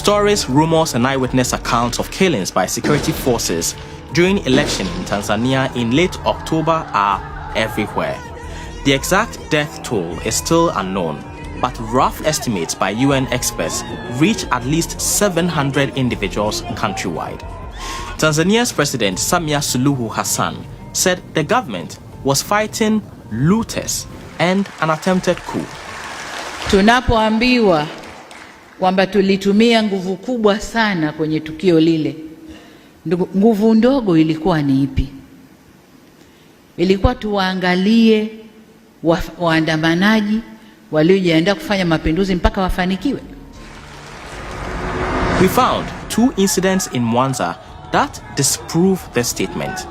Stories, rumors, and eyewitness accounts of killings by security forces during election in Tanzania in late October are everywhere. The exact death toll is still unknown, but rough estimates by UN experts reach at least 700 individuals countrywide. Tanzania's President Samia Suluhu Hassan said the government was fighting looters and an attempted coup. Tunapoambiwa kwamba tulitumia nguvu kubwa sana kwenye tukio lile. Nguvu ndogo ilikuwa ni ipi? Ilikuwa tuwaangalie wa, waandamanaji waliojiandaa kufanya mapinduzi mpaka wafanikiwe. We found two incidents in Mwanza that disprove the statement.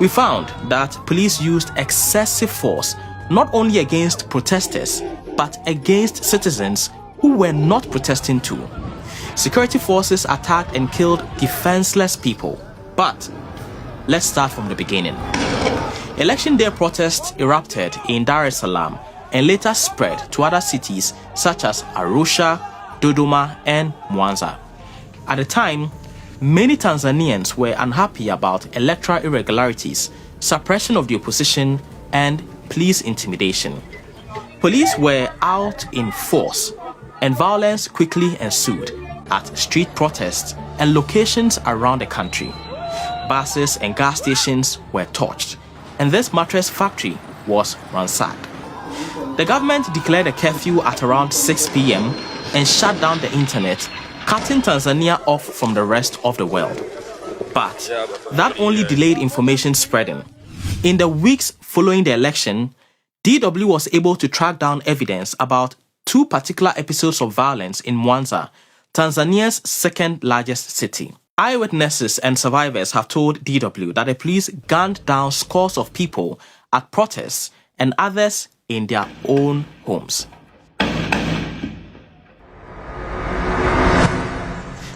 We found that police used excessive force not only against protesters but against citizens who were not protesting too. Security forces attacked and killed defenseless people. But let's start from the beginning. Election day protests erupted in Dar es Salaam and later spread to other cities such as Arusha, Dodoma, and Mwanza. At the time, many Tanzanians were unhappy about electoral irregularities, suppression of the opposition, and police intimidation. Police were out in force and violence quickly ensued at street protests and locations around the country. Buses and gas stations were torched, and this mattress factory was ransacked. The government declared a curfew at around 6 p.m. and shut down the internet, cutting Tanzania off from the rest of the world. But that only delayed information spreading. In the weeks following the election, DW was able to track down evidence about two particular episodes of violence in Mwanza, Tanzania's second largest city. Eyewitnesses and survivors have told DW that the police gunned down scores of people at protests and others in their own homes.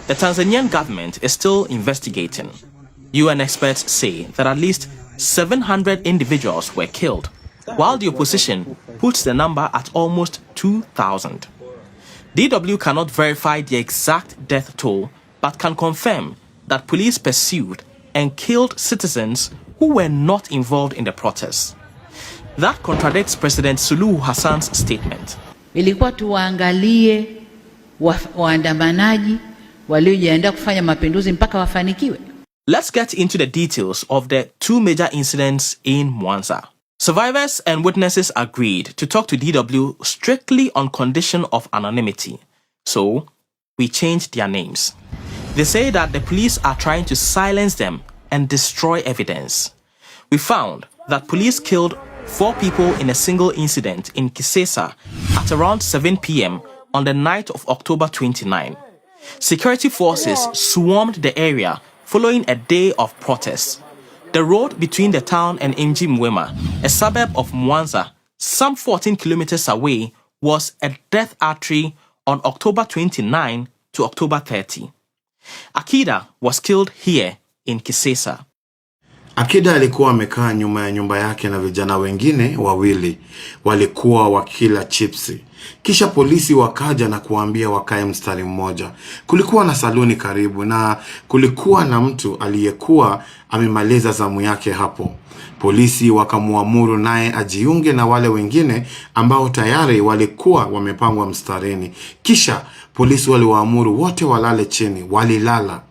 The Tanzanian government is still investigating. UN experts say that at least 700 individuals were killed while the opposition puts the number at almost 2,000. DW cannot verify the exact death toll, but can confirm that police pursued and killed citizens who were not involved in the protests. That contradicts President Suluhu Hassan's statement. Ilikuwa tuwaangalie wa, waandamanaji waliojiandaa kufanya mapinduzi mpaka wafanikiwe. Let's get into the details of the two major incidents in Mwanza. Survivors and witnesses agreed to talk to DW strictly on condition of anonymity. So, we changed their names. They say that the police are trying to silence them and destroy evidence. We found that police killed four people in a single incident in Kisesa at around 7 p.m. on the night of October 29. Security forces swarmed the area following a day of protests. The road between the town and Njimwema, a suburb of Mwanza, some 14 kilometers away, was a death artery on October 29 to October 30. Akida was killed here in Kisesa. Akida alikuwa amekaa nyuma ya nyumba yake na vijana wengine wawili walikuwa wakila chipsi. Kisha polisi wakaja na kuambia wakae mstari mmoja. Kulikuwa na saluni karibu na kulikuwa na mtu aliyekuwa amemaliza zamu yake hapo. Polisi wakamwamuru naye ajiunge na wale wengine ambao tayari walikuwa wamepangwa mstarini. Kisha polisi waliwaamuru wote walale chini. Walilala.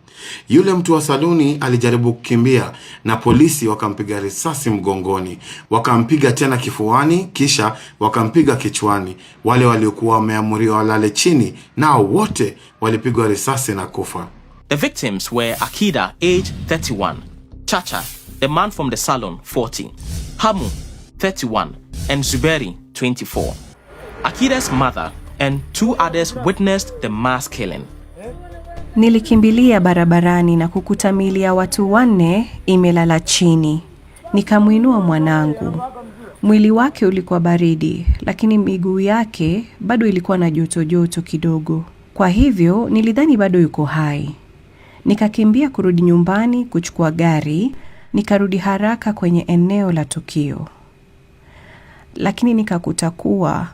Yule mtu wa saluni alijaribu kukimbia na polisi wakampiga risasi mgongoni, wakampiga tena kifuani, kisha wakampiga kichwani. Wale waliokuwa wameamuriwa walale chini, nao wote walipigwa risasi na kufa. The victims were Akida age 31, Chacha the man from the salon 40, Hamu 31 and Zuberi 24. Akida's mother and two others witnessed the mass killing. Nilikimbilia barabarani na kukuta miili ya watu wanne imelala chini. Nikamwinua mwanangu. Mwili wake ulikuwa baridi, lakini miguu yake bado ilikuwa na joto joto kidogo. Kwa hivyo nilidhani bado yuko hai. Nikakimbia kurudi nyumbani kuchukua gari, nikarudi haraka kwenye eneo la tukio. Lakini nikakuta kuwa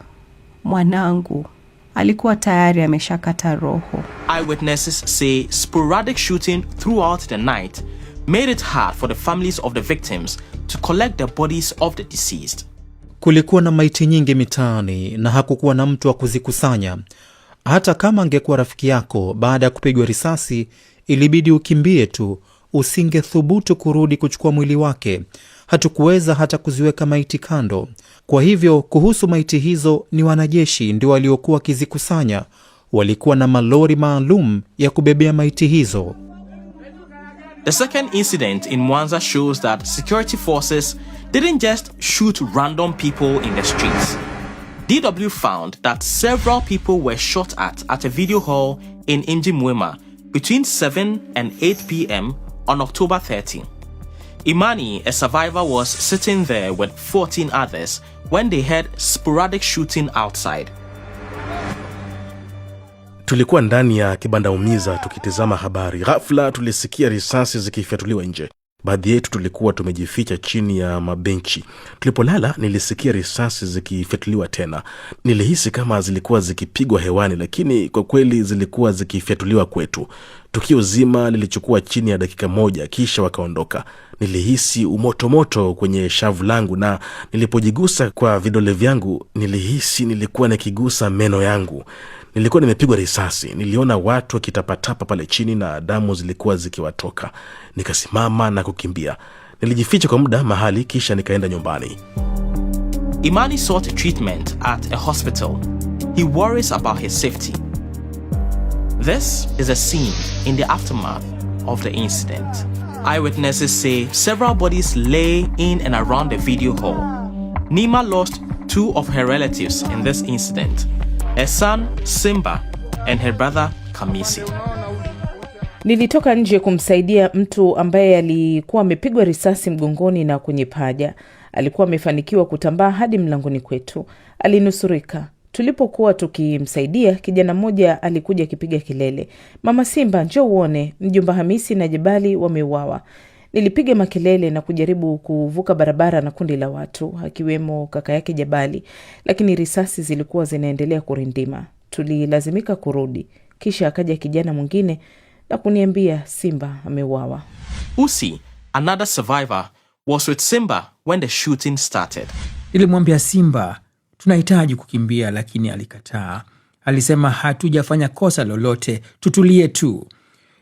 mwanangu alikuwa tayari ameshakata roho. Eyewitnesses say sporadic shooting throughout the night made it hard for the families of the victims to collect the bodies of the deceased. Kulikuwa na maiti nyingi mitaani na hakukuwa na mtu wa kuzikusanya. Hata kama angekuwa rafiki yako, baada ya kupigwa risasi ilibidi ukimbie tu usingethubutu kurudi kuchukua mwili wake. Hatukuweza hata kuziweka maiti kando. Kwa hivyo kuhusu maiti hizo, ni wanajeshi ndio waliokuwa wakizikusanya. Walikuwa na malori maalum ya kubebea maiti hizo. The second incident in Mwanza shows that security forces didn't just shoot random people in the streets. DW found that several people were shot at at a video hall in Injimwema between 7 and 8 p.m on October 30. Imani, a survivor, was sitting there with 14 others when they heard sporadic shooting outside. Tulikuwa ndani ya kibanda umiza tukitizama habari. Ghafla tulisikia risasi zikifyatuliwa nje. Baadhi yetu tulikuwa tumejificha chini ya mabenchi. Tulipolala nilisikia risasi zikifyatuliwa tena. Nilihisi kama zilikuwa zikipigwa hewani, lakini kwa kweli zilikuwa zikifyatuliwa kwetu. Tukio zima lilichukua chini ya dakika moja, kisha wakaondoka. Nilihisi umotomoto kwenye shavu langu, na nilipojigusa kwa vidole vyangu nilihisi nilikuwa nikigusa meno yangu. Nilikuwa nimepigwa risasi, niliona watu wakitapatapa pale chini na damu zilikuwa zikiwatoka. Nikasimama na kukimbia, nilijificha kwa muda mahali, kisha nikaenda nyumbani. Imani sought treatment at a hospital. He worries about his safety. This is a scene in the aftermath of the incident. Eyewitnesses say several bodies lay in and around the video hall. Nima lost two of her relatives in this incident her son Simba and her brother Kamisi. Nilitoka nje kumsaidia mtu ambaye alikuwa amepigwa risasi mgongoni na kwenye paja. Alikuwa amefanikiwa kutambaa hadi mlangoni kwetu, alinusurika. Tulipokuwa tukimsaidia, kijana mmoja alikuja akipiga kelele, mama Simba, njoo uone, mjomba Hamisi na Jebali wameuawa. Nilipiga makelele na kujaribu kuvuka barabara na kundi la watu, akiwemo kaka yake Jabali, lakini risasi zilikuwa zinaendelea kurindima. Tulilazimika kurudi. Kisha akaja kijana mwingine na kuniambia Simba ameuawa. Usi another survivor was with Simba when the shooting started. Nilimwambia Simba tunahitaji kukimbia, lakini alikataa. Alisema hatujafanya kosa lolote, tutulie tu.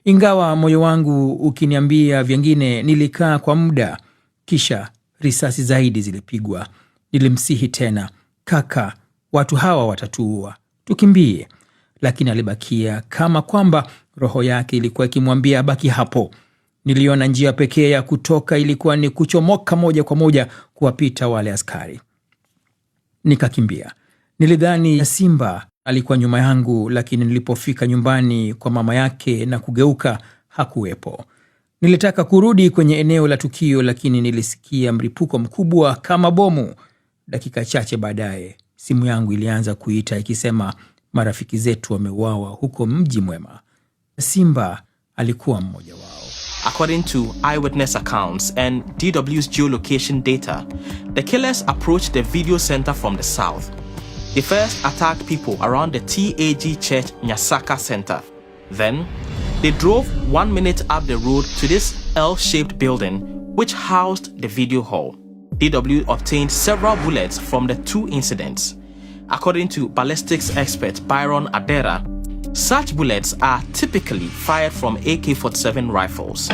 Ingawa moyo wangu ukiniambia vyengine, nilikaa kwa muda, kisha risasi zaidi zilipigwa. Nilimsihi tena, kaka, watu hawa watatuua, tukimbie. Lakini alibakia kama kwamba roho yake ilikuwa ikimwambia abaki hapo. Niliona njia pekee ya kutoka ilikuwa ni kuchomoka moja kwa moja kuwapita wale askari. Nikakimbia, nilidhani simba Alikuwa nyuma yangu, lakini nilipofika nyumbani kwa mama yake na kugeuka, hakuwepo. Nilitaka kurudi kwenye eneo la tukio, lakini nilisikia mripuko mkubwa kama bomu. Dakika chache baadaye, simu yangu ilianza kuita ikisema, marafiki zetu wameuawa huko Mji Mwema. Simba alikuwa mmoja wao. According to eyewitness accounts and DW's geolocation data, the killers approached the video center from the south. They first attacked people around the TAG Church Nyasaka Center. Then, they drove one minute up the road to this L-shaped building which housed the video hall. DW obtained several bullets from the two incidents. According to ballistics expert Byron Adera, such bullets are typically fired from AK-47 rifles.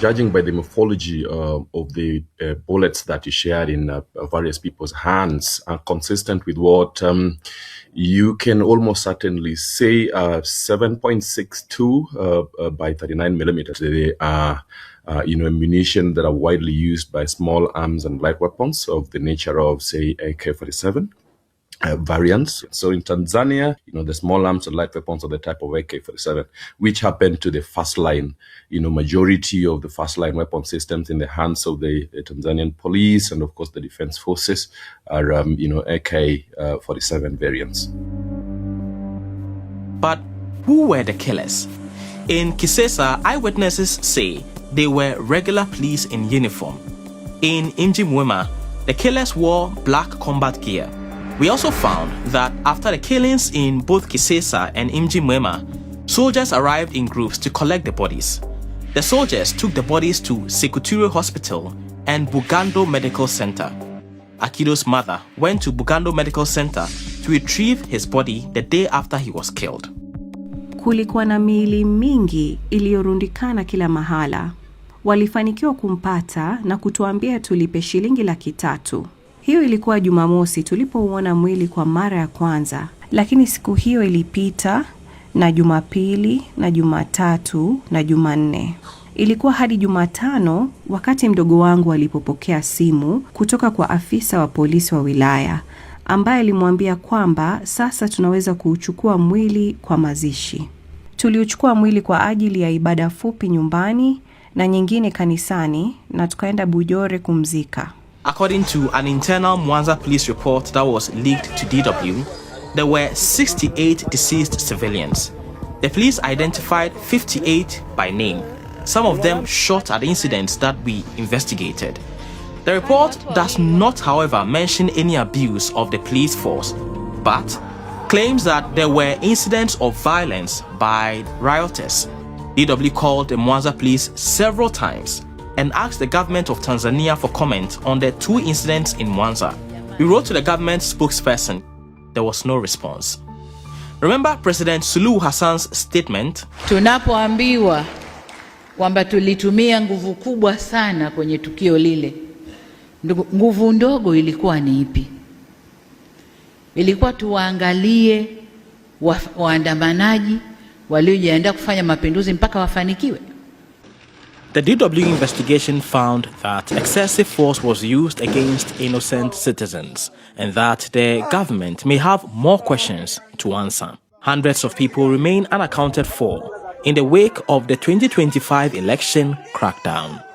judging by the morphology uh, of the uh, bullets that you shared in uh, various people's hands, are uh, consistent with what um, you can almost certainly say uh, 7.62 uh, by 39 millimeters. They are, you know, ammunition that are widely used by small arms and light weapons of the nature of, say, AK 47 uh, variants. So in Tanzania, you know, the small arms and light weapons are the type of AK-47, which happened to the first line, you know, majority of the first line weapon systems in the hands of the, the Tanzanian police and of course the defense forces are, um, you know, AK-47 uh, variants. But who were the killers? In Kisesa, eyewitnesses say they were regular police in uniform. In Imjimwema, the killers wore black combat gear We also found that after the killings in both Kisesa and Imji Mwema, soldiers arrived in groups to collect the bodies. The soldiers took the bodies to Sekuturo Hospital and Bugando Medical Center. Akido's mother went to Bugando Medical Center to retrieve his body the day after he was killed. Kulikuwa na miili mingi iliyorundikana kila mahala. Walifanikiwa kumpata na kutuambia tulipe shilingi laki tatu. Hiyo ilikuwa Jumamosi tulipouona mwili kwa mara ya kwanza, lakini siku hiyo ilipita na Jumapili na Jumatatu na Jumanne. Ilikuwa hadi Jumatano wakati mdogo wangu alipopokea simu kutoka kwa afisa wa polisi wa wilaya ambaye alimwambia kwamba sasa tunaweza kuuchukua mwili kwa mazishi. Tuliuchukua mwili kwa ajili ya ibada fupi nyumbani na nyingine kanisani na tukaenda Bujore kumzika. According to an internal Mwanza police report that was leaked to DW, there were 68 deceased civilians. The police identified 58 by name, some of them shot at incidents that we investigated. The report does not, however, mention any abuse of the police force, but claims that there were incidents of violence by rioters. DW called the Mwanza police several times and asked the government of Tanzania for comment on the two incidents in Mwanza. We wrote to the government spokesperson. There was no response. Remember President Suluhu Hassan's statement? Tunapoambiwa kwamba tulitumia nguvu kubwa sana kwenye tukio lile, nguvu ndogo ilikuwa ni ipi? Ilikuwa tuwaangalie waandamanaji waliojiandaa kufanya mapinduzi mpaka wafanikiwe? The DW investigation found that excessive force was used against innocent citizens and that the government may have more questions to answer. Hundreds of people remain unaccounted for in the wake of the 2025 election crackdown.